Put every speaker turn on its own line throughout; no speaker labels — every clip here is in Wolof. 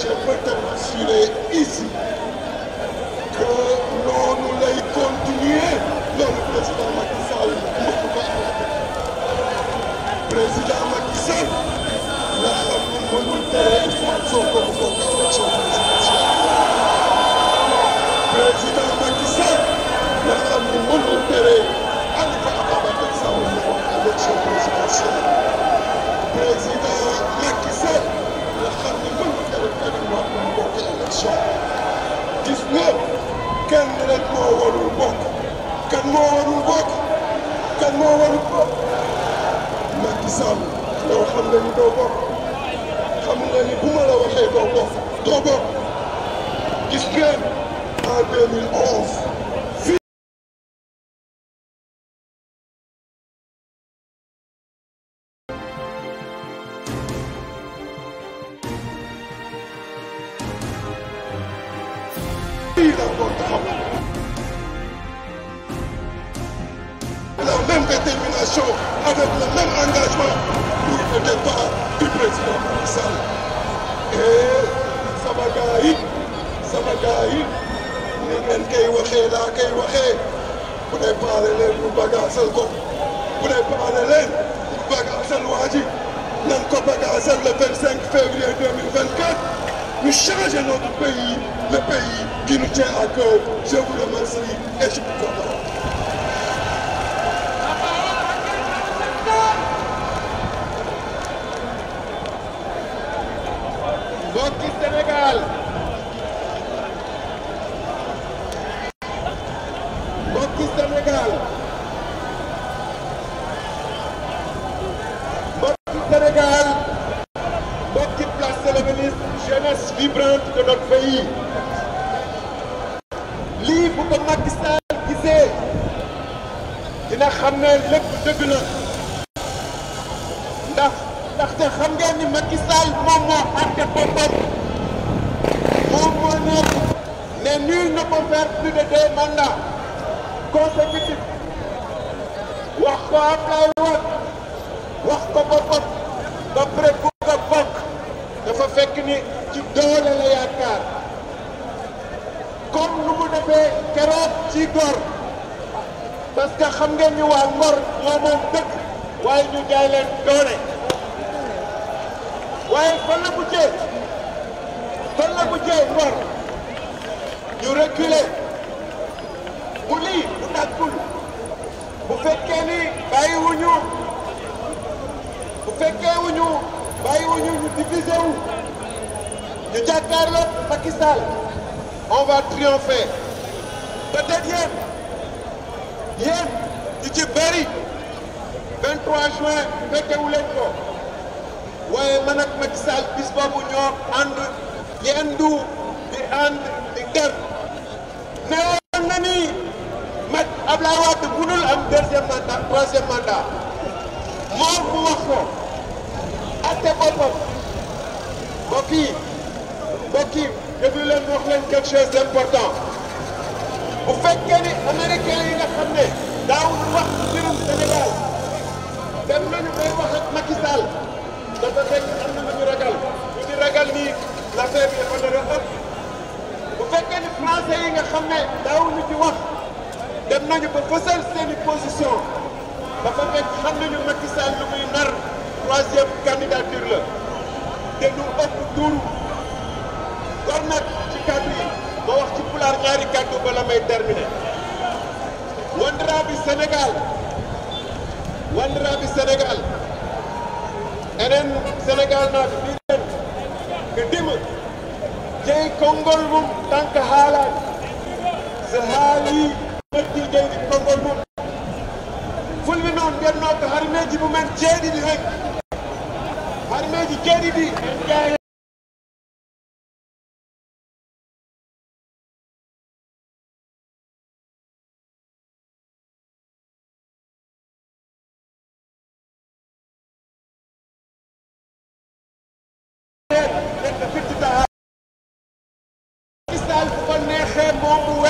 ce peux te rassurer ici noonu lay continuer loolu président Macky Sall mën ko président Macky Sall nga xam ne mënul tere Ousmane Sonko élection gis nga kenn rek moo warul bokk kan moo warul bokk kan moo warul bokk xam nga ni xam nga bu ma la waxee doo bokk doo bokk gis ngeen en la même détermination, avec le même engagement pour le départ du président Macky Sall. Et sama gars yi sama gars yi ni ngeen koy waxee laa koy waxee bu dee paale leen ñu bagaasal ko bu dee leen ñu bagaasal waa ji nan ko bagaasal le 25 février 2024. Nous changeons notre pays, le pays qui nous tient à cœur. Je vous remercie et
ndax ndaxte xam ngeen ni Macky Sall moom moo àtte boppam nul ne peut faire plus de deux mandats wax ko Ablaye Wade wax ko boppam ba pare bugg a bokk dafa fekk ni ci doole la yaakaar comme nu mu defee keroog ci Ngor parce xam ngeen ni waa Ngor ñoo moom dëkk waaye ñu jaay leen doole waaye fan la mujjee fan la mujjee Ngor. ñu reculer bu lii bu tàggul bu fekkee ni bàyyiwuñu bu fekkee bàyyiwuñu ñu divisé wu ñu jàkkaarloo on va triompher peut-être yéen yéen ñu ci bëri juin fekkewu leen ko waaye man ak Macky Sall bis boobu ñoo ànd yendu di ànd. kër ne woon na ni mag Ablaye Wade mënul am deuxième mandat troisième mandat moom mu wax ko atte boppam mbokk yi mbokk yi déglu leen wax leen quelque chose d'important bu fekkee ni américain yi nga xam ne daawul wax mbirum Sénégal dem nañu bay wax ak Macky Sall dafa fekk am na lu ñu ragal xam ne daawuñu ci wax dem nañu ba fësal seeni position dafa fekk xam nañu Macky lu muy nar troisième candidature la te lu ëpp tuuru kon ci kàddu yi ma wax ci pulaar ñaari kàddu ba la may terminé wanduraabi Sénégal wanduraabi Sénégal enen Sénégal naaɓe mbiɗen ko ndima jeeyi konngol mum tan ko ɓe haali noddi leydi konngol mum fulɓe noon nden noon ko harimeji mumen jeeɗiɗi rek
harimeji jeeɗiɗi en jeeya
ɓe fittita ha istal ko neexee moom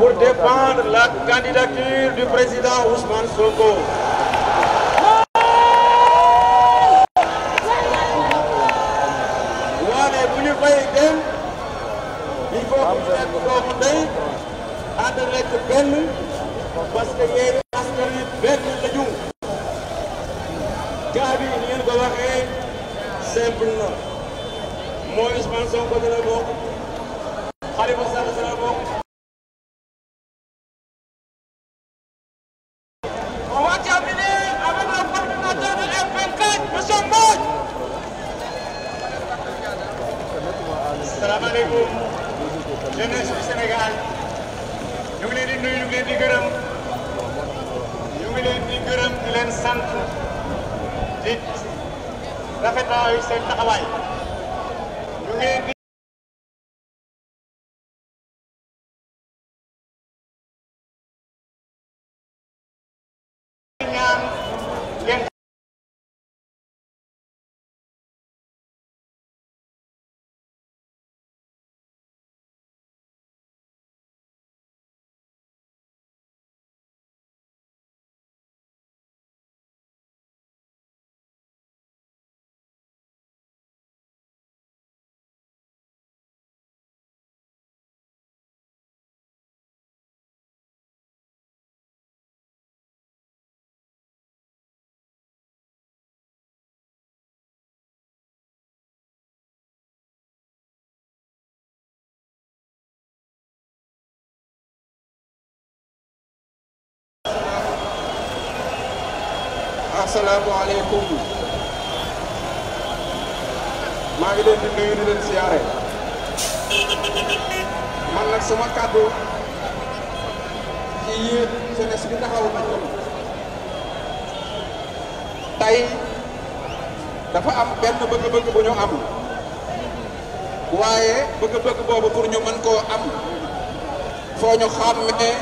pour défendre la candidature du président Ousmane Sonko. waane bu ñu fay dem il faut que nekk doomu ndey ànd nekk benn parce que yéen askan yi benn lañu. gaa bi ni ngeen ko waxee simple na mooy Ousmane Sonko dana bokk. salaamaaleykum jeunesse du Sénégal ñu ngi leen di nuyu ñu ngi leen di gërëm ñu ngi leen di gërëm di leen sant di rafetaayu seen taxawaay. asalaamaaleykum maa ngi leen di nuyu di siyaare man nag sama kàddu ci yéen jeunesse bi taxaw na ko dafa am benn bëgg-bëgg bu ñu am waaye bëgg-bëgg boobu pour ñu mën koo am foo ñu xàmmee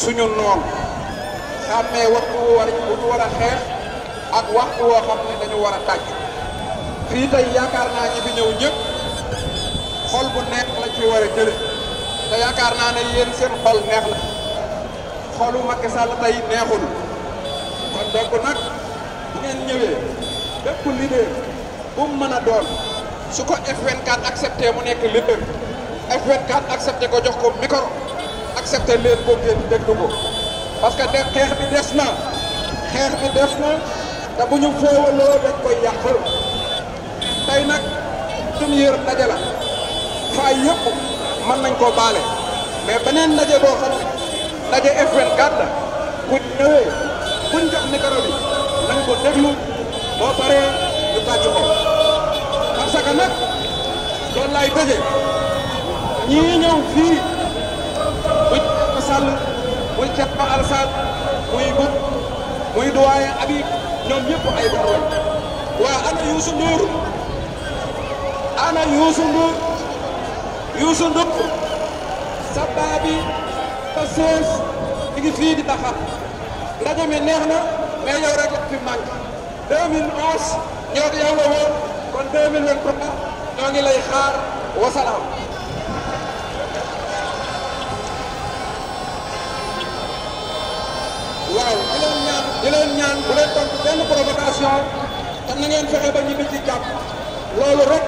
suñu noon xàmmee waxtu wu war bu ñu war a xeex ak waxtu woo xam ne dañu war a tàcc fii tey yaakaar naa ñi ñëw ñëpp xol bu neex la war a jële te yaakaar naa ne yéen seen xol neex la xolu Macky Sall tey neexul kon donc nag bu ngeen ñëwee bépp leader bu mu mën a doon su ko F24 accepté mu nekk leader F24 ko jox ko micro accepté leen ko ngeen déglu ko parce que xeex bi des naa xeex bi des na te bu ñu foowaloo dañ koy yàqal tey nag suñu yër ndaje la faay yëpp nañ koo baale mais beneen ndaje boo xam ne ndaje F24 la buñ jox micro bi nañ ko déglu boo paree ñu tàcc ko parce que nag loolu laay ñii ñëw fii bu Sall. muy Thierno Alassane muy Boub muy doyen Habib ñoom ñëpp ay bor lañ waa ana Youssou Ndour ana Youssou Ndour Youssou Ndour sabaa bi ba ngi fii di ndaje mi neex na mais yow rek la fi manqué 2011 ñoo yow la woon kon 2023 ñoo ngi lay xaar wasalaam. taxaw di leen ñaan di leen ñaan bu leen tontu benn provocation te na ngeen fexe ba ñibbi ci jàpp loolu rek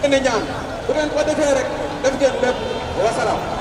gën a ñaan bu leen ko defee rek def ngeen lépp wasalaam